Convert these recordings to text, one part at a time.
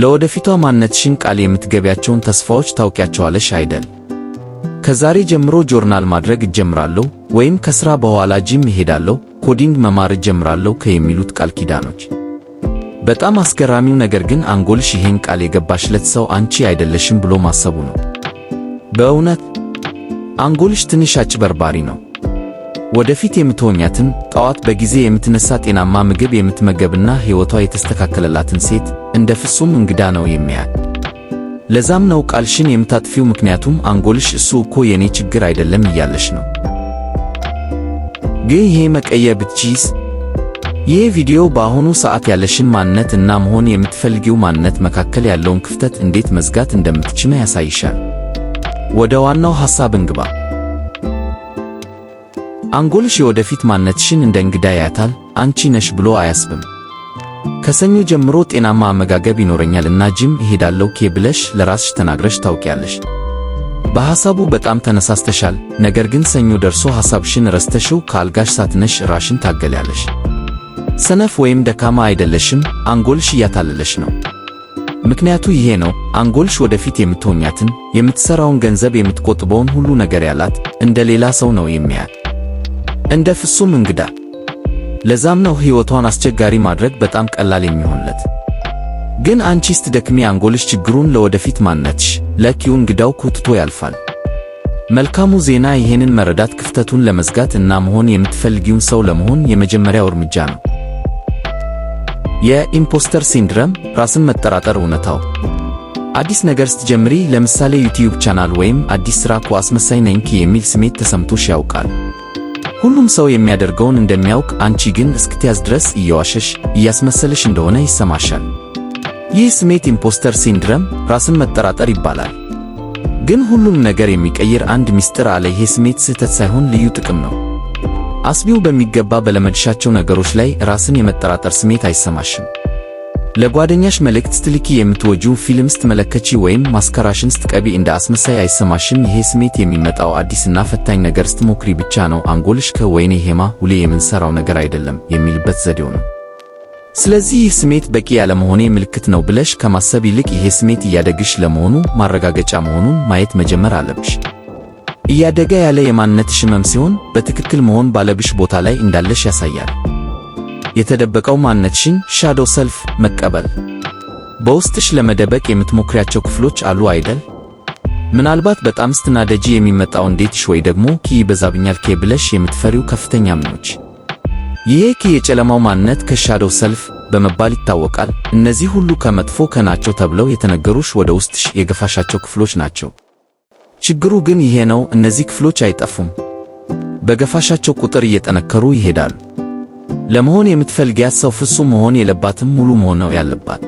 ለወደፊቷ ማንነትሽን ቃል የምትገቢያቸውን ተስፋዎች ታውቂያቸዋለሽ አይደል? ከዛሬ ጀምሮ ጆርናል ማድረግ እጀምራለሁ ወይም ከሥራ በኋላ ጂም እሄዳለሁ፣ ኮዲንግ መማር እጀምራለሁ ከሚሉት ቃል ኪዳኖች በጣም አስገራሚው ነገር ግን አንጎልሽ ይሄን ቃል የገባሽለት ሰው አንቺ አይደለሽም ብሎ ማሰቡ ነው። በእውነት አንጎልሽ ትንሽ አጭበርባሪ ነው። ወደፊት የምትሆኛትን ጠዋት በጊዜ የምትነሳ ጤናማ ምግብ የምትመገብና ሕይወቷ የተስተካከለላትን ሴት እንደ ፍጹም እንግዳ ነው የሚያል። ለዛም ነው ቃልሽን የምታጥፊው፣ ምክንያቱም አንጎልሽ እሱ እኮ የኔ ችግር አይደለም እያለሽ ነው። ግን ይሄ መቀየር ብትችይስ። ይህ ቪዲዮ በአሁኑ ሰዓት ያለሽን ማንነት እና መሆን የምትፈልጊው ማንነት መካከል ያለውን ክፍተት እንዴት መዝጋት እንደምትችል ያሳይሻል። ወደ ዋናው ሐሳብ እንግባ። አንጎልሽ የወደፊት ማንነትሽን እንደ እንግዳ ያያታል፣ አንቺ ነሽ ብሎ አያስብም። ከሰኞ ጀምሮ ጤናማ አመጋገብ ይኖረኛል እና ጂም እሄዳለሁ ኬ ብለሽ ለራስሽ ተናግረሽ ታውቂያለሽ። በሐሳቡ በጣም ተነሳስተሻል፣ ነገር ግን ሰኞ ደርሶ ሐሳብሽን ረስተሽው ከአልጋሽ ሳትነሽ ራሽን ታገልያለሽ። ሰነፍ ወይም ደካማ አይደለሽም፣ አንጎልሽ እያታለለሽ ነው። ምክንያቱ ይሄ ነው። አንጎልሽ ወደፊት የምትሆኛትን፣ የምትሰራውን ገንዘብ፣ የምትቆጥበውን ሁሉ ነገር ያላት እንደ ሌላ ሰው ነው የሚያል እንደ ፍጹም እንግዳ። ለዛም ነው ሕይወቷን አስቸጋሪ ማድረግ በጣም ቀላል የሚሆንለት። ግን አንቺ ስትደክሚ አንጎልሽ ችግሩን ለወደፊት ማነትሽ ለኪው እንግዳው ኮትቶ ያልፋል። መልካሙ ዜና ይሄንን መረዳት ክፍተቱን ለመዝጋት እና መሆን የምትፈልጊውን ሰው ለመሆን የመጀመሪያው እርምጃ ነው። የኢምፖስተር ሲንድረም ራስን መጠራጠር እውነታው። አዲስ ነገር ስትጀምሪ፣ ለምሳሌ ዩቲዩብ ቻናል ወይም አዲስ ስራ እኮ አስመሳይ ነኝ የሚል ስሜት ተሰምቶሽ ያውቃል? ሁሉም ሰው የሚያደርገውን እንደሚያውቅ፣ አንቺ ግን እስክትያዝ ድረስ እየዋሸሽ እያስመሰለሽ እንደሆነ ይሰማሻል። ይህ ስሜት ኢምፖስተር ሲንድረም ራስን መጠራጠር ይባላል። ግን ሁሉም ነገር የሚቀይር አንድ ምስጢር አለ። ይሄ ስሜት ስህተት ሳይሆን ልዩ ጥቅም ነው። አስቢው፣ በሚገባ በለመድሻቸው ነገሮች ላይ ራስን የመጠራጠር ስሜት አይሰማሽም። ለጓደኛሽ መልእክት ስትልኪ የምትወጁ ፊልም ስትመለከቺ ወይም ማስከራሽን ስትቀቢ እንደ አስመሳይ አይሰማሽም። ይሄ ስሜት የሚመጣው አዲስና ፈታኝ ነገር ስትሞክሪ ብቻ ነው። አንጎልሽ ከወይኔ ሄማ ሁሌ የምንሰራው ነገር አይደለም የሚልበት ዘዴው ነው። ስለዚህ ይህ ስሜት በቂ ያለመሆኔ ምልክት ነው ብለሽ ከማሰብ ይልቅ ይሄ ስሜት እያደግሽ ለመሆኑ ማረጋገጫ መሆኑን ማየት መጀመር አለብሽ። እያደገ ያለ የማንነትሽ ህመም ሲሆን በትክክል መሆን ባለብሽ ቦታ ላይ እንዳለሽ ያሳያል። የተደበቀው ማንነትሽን ሻዶ ሰልፍ መቀበል። በውስጥሽ ለመደበቅ የምትሞክሪያቸው ክፍሎች አሉ አይደል? ምናልባት በጣም ስትናደጂ የሚመጣው እንዴትሽ ወይ ደግሞ ኪ ይበዛብኛል ኬ ብለሽ የምትፈሪው ከፍተኛ ምኖች። ይሄ ኪ የጨለማው ማንነት ከሻዶ ሰልፍ በመባል ይታወቃል። እነዚህ ሁሉ ከመጥፎ ከናቸው ተብለው የተነገሩሽ ወደ ውስጥሽ የገፋሻቸው ክፍሎች ናቸው። ችግሩ ግን ይሄ ነው፣ እነዚህ ክፍሎች አይጠፉም። በገፋሻቸው ቁጥር እየጠነከሩ ይሄዳሉ። ለመሆን የምትፈልጊያት ሰው ፍጹም መሆን የለባትም፣ ሙሉ መሆን ነው ያለባት።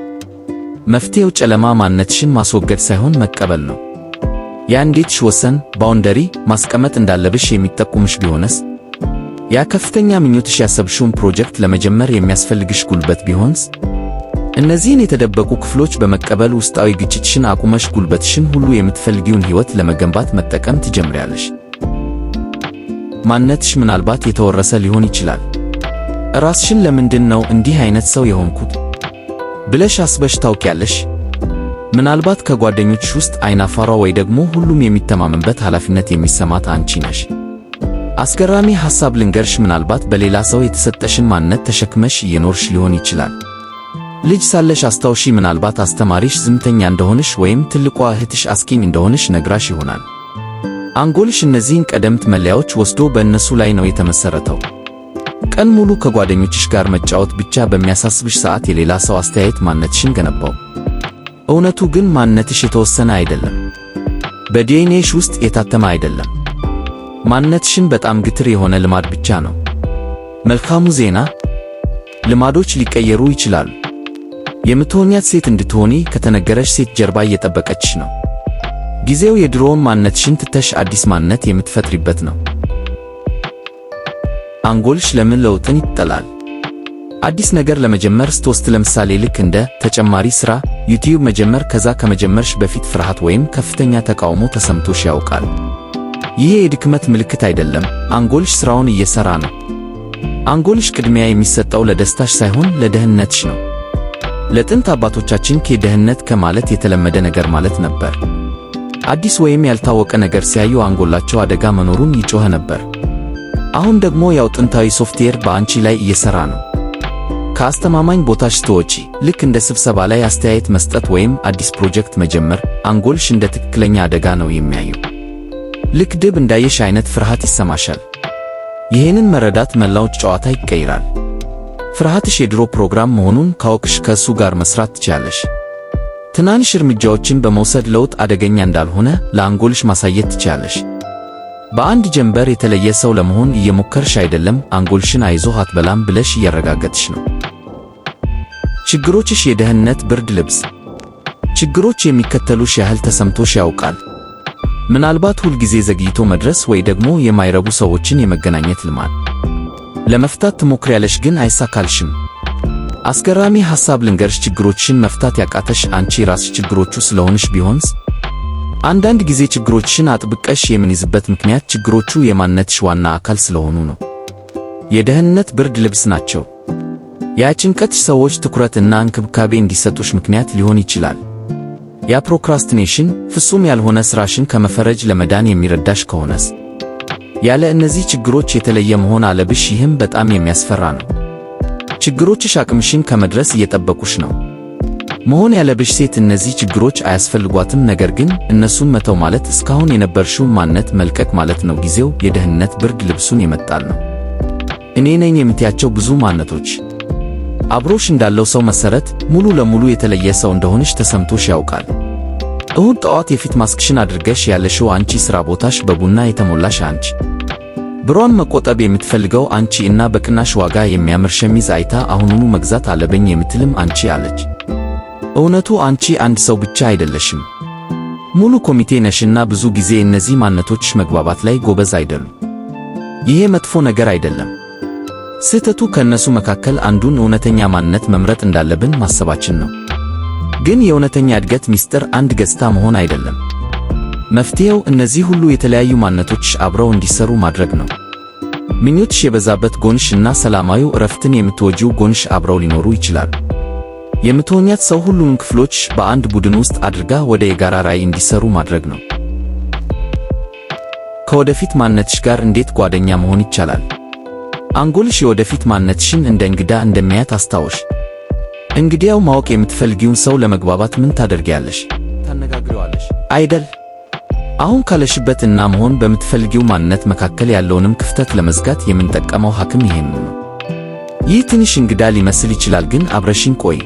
መፍትሄው ጨለማ ማንነትሽን ማስወገድ ሳይሆን መቀበል ነው። የአንዲትሽ ወሰን ባውንደሪ ማስቀመጥ እንዳለብሽ የሚጠቁምሽ ቢሆንስ? ያ ከፍተኛ ምኞትሽ ያሰብሽውን ፕሮጀክት ለመጀመር የሚያስፈልግሽ ጉልበት ቢሆንስ? እነዚህን የተደበቁ ክፍሎች በመቀበል ውስጣዊ ግጭትሽን አቁመሽ ጉልበትሽን ሁሉ የምትፈልጊውን ሕይወት ለመገንባት መጠቀም ትጀምሪያለሽ። ማንነትሽ ምናልባት የተወረሰ ሊሆን ይችላል። ራስሽን ለምንድን ነው እንዲህ አይነት ሰው የሆንኩት ብለሽ አስበሽ ታውቂያለሽ? ምናልባት ከጓደኞችሽ ውስጥ አይናፋሯ ወይ ደግሞ ሁሉም የሚተማመንበት ኃላፊነት የሚሰማት አንቺ ነሽ። አስገራሚ ሐሳብ ልንገርሽ፣ ምናልባት በሌላ ሰው የተሰጠሽን ማንነት ተሸክመሽ እየኖርሽ ሊሆን ይችላል። ልጅ ሳለሽ አስታውሺ፣ ምናልባት አስተማሪሽ ዝምተኛ እንደሆንሽ ወይም ትልቋ እህትሽ አስኪኝ እንደሆንሽ ነግራሽ ይሆናል። አንጎልሽ እነዚህን ቀደምት መለያዎች ወስዶ በእነሱ ላይ ነው የተመሠረተው። ቀን ሙሉ ከጓደኞችሽ ጋር መጫወት ብቻ በሚያሳስብሽ ሰዓት የሌላ ሰው አስተያየት ማንነትሽን ገነባው። እውነቱ ግን ማንነትሽ የተወሰነ አይደለም፣ በዲኤንኤሽ ውስጥ የታተመ አይደለም። ማንነትሽን በጣም ግትር የሆነ ልማድ ብቻ ነው። መልካሙ ዜና ልማዶች ሊቀየሩ ይችላሉ። የምትሆኛት ሴት እንድትሆኒ ከተነገረሽ ሴት ጀርባ እየጠበቀችሽ ነው። ጊዜው የድሮውን ማንነትሽን ትተሽ አዲስ ማንነት የምትፈጥሪበት ነው። አንጎልሽ ለምን ለውጥን ይጠላል? አዲስ ነገር ለመጀመር ስትወስድ ለምሳሌ ልክ እንደ ተጨማሪ ስራ ዩቲዩብ መጀመር ከዛ ከመጀመርሽ በፊት ፍርሃት ወይም ከፍተኛ ተቃውሞ ተሰምቶሽ ያውቃል? ይሄ የድክመት ምልክት አይደለም። አንጎልሽ ስራውን እየሰራ ነው። አንጎልሽ ቅድሚያ የሚሰጠው ለደስታሽ ሳይሆን ለደህንነትሽ ነው። ለጥንት አባቶቻችን ከደህንነት ከማለት የተለመደ ነገር ማለት ነበር። አዲስ ወይም ያልታወቀ ነገር ሲያዩ አንጎላቸው አደጋ መኖሩን ይጮኸ ነበር። አሁን ደግሞ ያው ጥንታዊ ሶፍትዌር በአንቺ ላይ እየሰራ ነው። ከአስተማማኝ ቦታሽ ስትወጪ ልክ እንደ ስብሰባ ላይ አስተያየት መስጠት ወይም አዲስ ፕሮጀክት መጀመር አንጎልሽ እንደ ትክክለኛ አደጋ ነው የሚያየው። ልክ ድብ እንዳየሽ አይነት ፍርሃት ይሰማሻል። ይህንን መረዳት መላውጭ ጨዋታ ይቀይራል። ፍርሃትሽ የድሮ ፕሮግራም መሆኑን ካወቅሽ ከእሱ ጋር መስራት ትችላለሽ። ትናንሽ እርምጃዎችን በመውሰድ ለውጥ አደገኛ እንዳልሆነ ለአንጎልሽ ማሳየት ትችላለሽ። በአንድ ጀንበር የተለየ ሰው ለመሆን እየሞከርሽ አይደለም። አንጎልሽን አይዞህ አትበላም ብለሽ እያረጋገጥሽ ነው። ችግሮችሽ የደህንነት ብርድ ልብስ ችግሮች የሚከተሉሽ ያህል ተሰምቶሽ ያውቃል? ምናልባት ሁልጊዜ ዘግይቶ መድረስ ወይ ደግሞ የማይረቡ ሰዎችን የመገናኘት ልማድ። ለመፍታት ትሞክሪያለሽ ግን አይሳካልሽም። አስገራሚ ሐሳብ ልንገርሽ፣ ችግሮችሽን መፍታት ያቃተሽ አንቺ ራስሽ ችግሮቹ ስለሆንሽ ቢሆንስ? አንዳንድ ጊዜ ችግሮችን አጥብቀሽ የምንይዝበት ምክንያት ችግሮቹ የማንነትሽ ዋና አካል ስለሆኑ ነው። የደህንነት ብርድ ልብስ ናቸው። ያ ጭንቀትሽ ሰዎች ትኩረት እና እንክብካቤ እንዲሰጡሽ ምክንያት ሊሆን ይችላል። ያ ፕሮክራስቲኔሽን ፍጹም ያልሆነ ስራሽን ከመፈረጅ ለመዳን የሚረዳሽ ከሆነስ? ያለ እነዚህ ችግሮች የተለየ መሆን አለብሽ። ይህም በጣም የሚያስፈራ ነው። ችግሮችሽ አቅምሽን ከመድረስ እየጠበቁሽ ነው። መሆን ያለብሽ ሴት እነዚህ ችግሮች አያስፈልጓትም፣ ነገር ግን እነሱን መተው ማለት እስካሁን የነበርሽውን ማንነት መልቀቅ ማለት ነው። ጊዜው የደህንነት ብርድ ልብሱን የመጣል ነው። እኔ ነኝ የምትያቸው ብዙ ማንነቶች አብሮሽ እንዳለው ሰው መሰረት ሙሉ ለሙሉ የተለየ ሰው እንደሆንሽ ተሰምቶሽ ያውቃል። እሁድ ጠዋት የፊት ማስክሽን አድርገሽ ያለሽው አንቺ፣ ሥራ ቦታሽ በቡና የተሞላሽ አንቺ፣ ብሯን መቆጠብ የምትፈልገው አንቺ እና በቅናሽ ዋጋ የሚያምር ሸሚዝ አይታ አሁኑኑ መግዛት አለብኝ የምትልም አንቺ አለች። እውነቱ አንቺ አንድ ሰው ብቻ አይደለሽም፣ ሙሉ ኮሚቴ ነሽና ብዙ ጊዜ እነዚህ ማንነቶች መግባባት ላይ ጎበዝ አይደሉም። ይሄ መጥፎ ነገር አይደለም። ስህተቱ ከእነሱ መካከል አንዱን እውነተኛ ማንነት መምረጥ እንዳለብን ማሰባችን ነው። ግን የእውነተኛ እድገት ምስጢር አንድ ገጽታ መሆን አይደለም። መፍትሄው እነዚህ ሁሉ የተለያዩ ማንነቶች አብረው እንዲሰሩ ማድረግ ነው። ምኞትሽ የበዛበት ጎንሽ እና ሰላማዊው እረፍትን የምትወጂው ጎንሽ አብረው ሊኖሩ ይችላሉ። የምትሆኛት ሰው ሁሉንም ክፍሎች በአንድ ቡድን ውስጥ አድርጋ ወደ የጋራ ራዕይ እንዲሰሩ ማድረግ ነው። ከወደፊት ማንነትሽ ጋር እንዴት ጓደኛ መሆን ይቻላል? አንጎልሽ የወደፊት ማንነትሽን እንደ እንግዳ እንደሚያት አስታውሽ። እንግዲያው ማወቅ የምትፈልጊውን ሰው ለመግባባት ምን ታደርጊያለሽ? ታነጋግሪዋለሽ አይደል? አሁን ካለሽበት እና መሆን በምትፈልጊው ማንነት መካከል ያለውንም ክፍተት ለመዝጋት የምንጠቀመው ሐኪም ይሄን ነው። ይህ ትንሽ እንግዳ ሊመስል ይችላል፣ ግን አብረሽኝ ቆይ።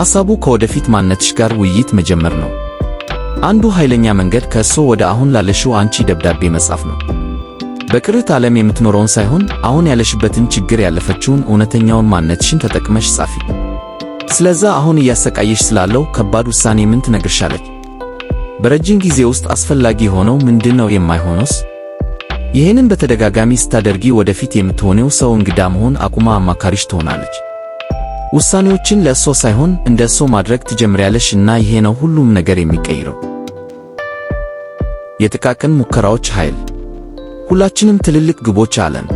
ሐሳቡ ከወደፊት ማንነትሽ ጋር ውይይት መጀመር ነው። አንዱ ኃይለኛ መንገድ ከሶ ወደ አሁን ላለሽው አንቺ ደብዳቤ መጻፍ ነው። በቅርት ዓለም የምትኖረውን ሳይሆን አሁን ያለሽበትን ችግር ያለፈችውን እውነተኛውን ማንነትሽን ተጠቅመሽ ጻፊ። ስለዛ አሁን እያሰቃየሽ ስላለው ከባድ ውሳኔ ምን ትነግርሻለች? በረጅም ጊዜ ውስጥ አስፈላጊ የሆነው ምንድን ነው? የማይሆነውስ? ይህንን በተደጋጋሚ ስታደርጊ ወደፊት የምትሆነው ሰው እንግዳ መሆን አቁማ አማካሪሽ ትሆናለች። ውሳኔዎችን ለእሶ ሳይሆን እንደ እሶ ማድረግ ትጀምሪያለሽ እና ይሄ ነው ሁሉም ነገር የሚቀይረው። የጥቃቅን ሙከራዎች ኃይል። ሁላችንም ትልልቅ ግቦች አለን።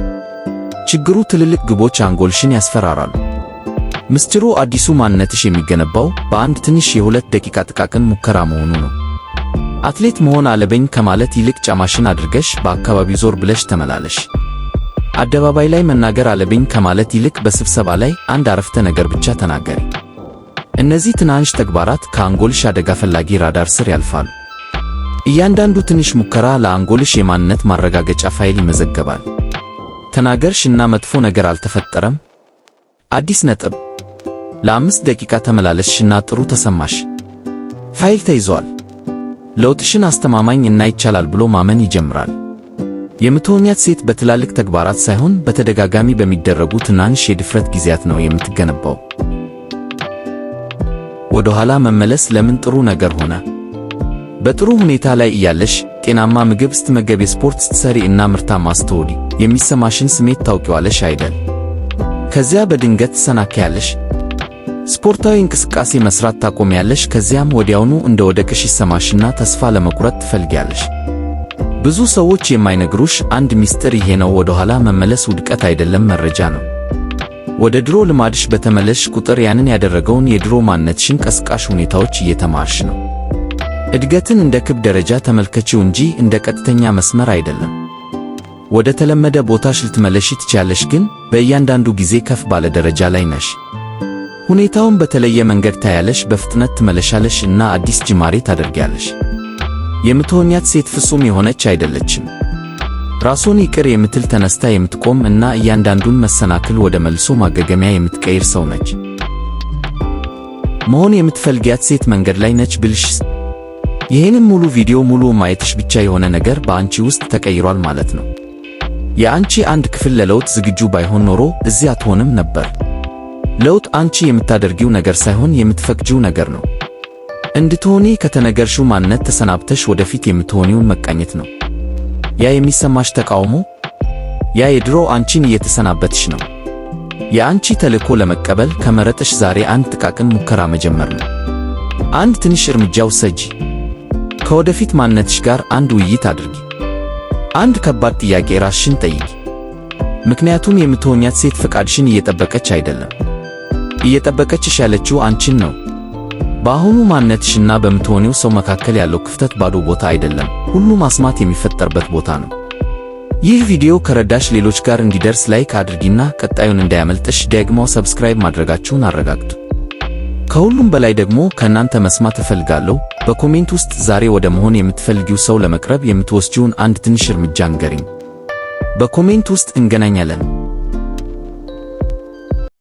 ችግሩ ትልልቅ ግቦች አንጎልሽን ያስፈራራሉ። ምስጢሩ አዲሱ ማንነትሽ የሚገነባው በአንድ ትንሽ የሁለት ደቂቃ ጥቃቅን ሙከራ መሆኑ ነው። አትሌት መሆን አለበኝ ከማለት ይልቅ ጫማሽን አድርገሽ በአካባቢው ዞር ብለሽ ተመላለሽ። አደባባይ ላይ መናገር አለብኝ ከማለት ይልቅ በስብሰባ ላይ አንድ አረፍተ ነገር ብቻ ተናገሪ። እነዚህ ትናንሽ ተግባራት ከአንጎልሽ አደጋ ፈላጊ ራዳር ስር ያልፋሉ። እያንዳንዱ ትንሽ ሙከራ ለአንጎልሽ የማንነት ማረጋገጫ ፋይል ይመዘገባል። ተናገርሽ እና መጥፎ ነገር አልተፈጠረም። አዲስ ነጥብ። ለአምስት ደቂቃ ተመላለስሽ እና ጥሩ ተሰማሽ። ፋይል ተይዟል። ለውጥሽን አስተማማኝ እና ይቻላል ብሎ ማመን ይጀምራል። የምትሆኛት ሴት በትላልቅ ተግባራት ሳይሆን በተደጋጋሚ በሚደረጉ ትናንሽ የድፍረት ጊዜያት ነው የምትገነባው። ወደ ኋላ መመለስ ለምን ጥሩ ነገር ሆነ? በጥሩ ሁኔታ ላይ እያለሽ ጤናማ ምግብ ስትመገብ፣ የስፖርት ስትሰሪ እና ምርታማ ስትሆኚ የሚሰማሽን ስሜት ታውቂዋለሽ አይደል? ከዚያ በድንገት ትሰናከያለሽ። ስፖርታዊ እንቅስቃሴ መስራት ታቆሚያለሽ። ከዚያም ወዲያውኑ እንደ ወደቅሽ ይሰማሽና ተስፋ ለመቁረጥ ትፈልጊያለሽ። ብዙ ሰዎች የማይነግሩሽ አንድ ሚስጥር ይሄ ነው። ወደኋላ መመለስ ውድቀት አይደለም፣ መረጃ ነው። ወደ ድሮ ልማድሽ በተመለሽ ቁጥር ያንን ያደረገውን የድሮ ማንነትሽን ቀስቃሽ ሁኔታዎች እየተማርሽ ነው። እድገትን እንደ ክብ ደረጃ ተመልከቺው እንጂ እንደ ቀጥተኛ መስመር አይደለም። ወደ ተለመደ ቦታሽ ልትመለሺ ትችያለሽ፣ ግን በእያንዳንዱ ጊዜ ከፍ ባለ ደረጃ ላይ ነሽ። ሁኔታውን በተለየ መንገድ ታያለሽ፣ በፍጥነት ትመለሻለሽ እና አዲስ ጅማሬ ታደርጊያለሽ። የምትሆኛት ሴት ፍጹም የሆነች አይደለችም። ራሱን ይቅር የምትል ተነስታ የምትቆም እና እያንዳንዱን መሰናክል ወደ መልሶ ማገገሚያ የምትቀይር ሰው ነች። መሆን የምትፈልጊያት ሴት መንገድ ላይ ነች ብልሽ ይህንም ሙሉ ቪዲዮ ሙሉ ማየትሽ ብቻ የሆነ ነገር በአንቺ ውስጥ ተቀይሯል ማለት ነው። የአንቺ አንድ ክፍል ለለውጥ ዝግጁ ባይሆን ኖሮ እዚህ አትሆንም ነበር። ለውጥ አንቺ የምታደርጊው ነገር ሳይሆን የምትፈቅጂው ነገር ነው። እንድትሆኒ ከተነገርሽው ማንነት ተሰናብተሽ ወደፊት የምትሆኒውን መቃኘት ነው። ያ የሚሰማሽ ተቃውሞ፣ ያ የድሮ አንቺን እየተሰናበትሽ ነው። የአንቺ ተልዕኮ ለመቀበል ከመረጠሽ ዛሬ አንድ ጥቃቅን ሙከራ መጀመር ነው። አንድ ትንሽ እርምጃ ውሰጂ። ከወደፊት ማንነትሽ ጋር አንድ ውይይት አድርጊ። አንድ ከባድ ጥያቄ ራስሽን ጠይቂ። ምክንያቱም የምትሆኛት ሴት ፈቃድሽን እየጠበቀች አይደለም፣ እየጠበቀችሽ ያለችው አንቺን ነው። በአሁኑ ማንነትሽና በምትሆኒው ሰው መካከል ያለው ክፍተት ባዶ ቦታ አይደለም፣ ሁሉ ማስማት የሚፈጠርበት ቦታ ነው። ይህ ቪዲዮ ከረዳሽ ሌሎች ጋር እንዲደርስ ላይክ አድርጊና ቀጣዩን እንዳያመልጥሽ ደግሞ ሰብስክራይብ ማድረጋችሁን አረጋግጡ። ከሁሉም በላይ ደግሞ ከእናንተ መስማት እፈልጋለሁ። በኮሜንት ውስጥ ዛሬ ወደ መሆን የምትፈልጊው ሰው ለመቅረብ የምትወስጂውን አንድ ትንሽ እርምጃ ንገሪኝ። በኮሜንት ውስጥ እንገናኛለን።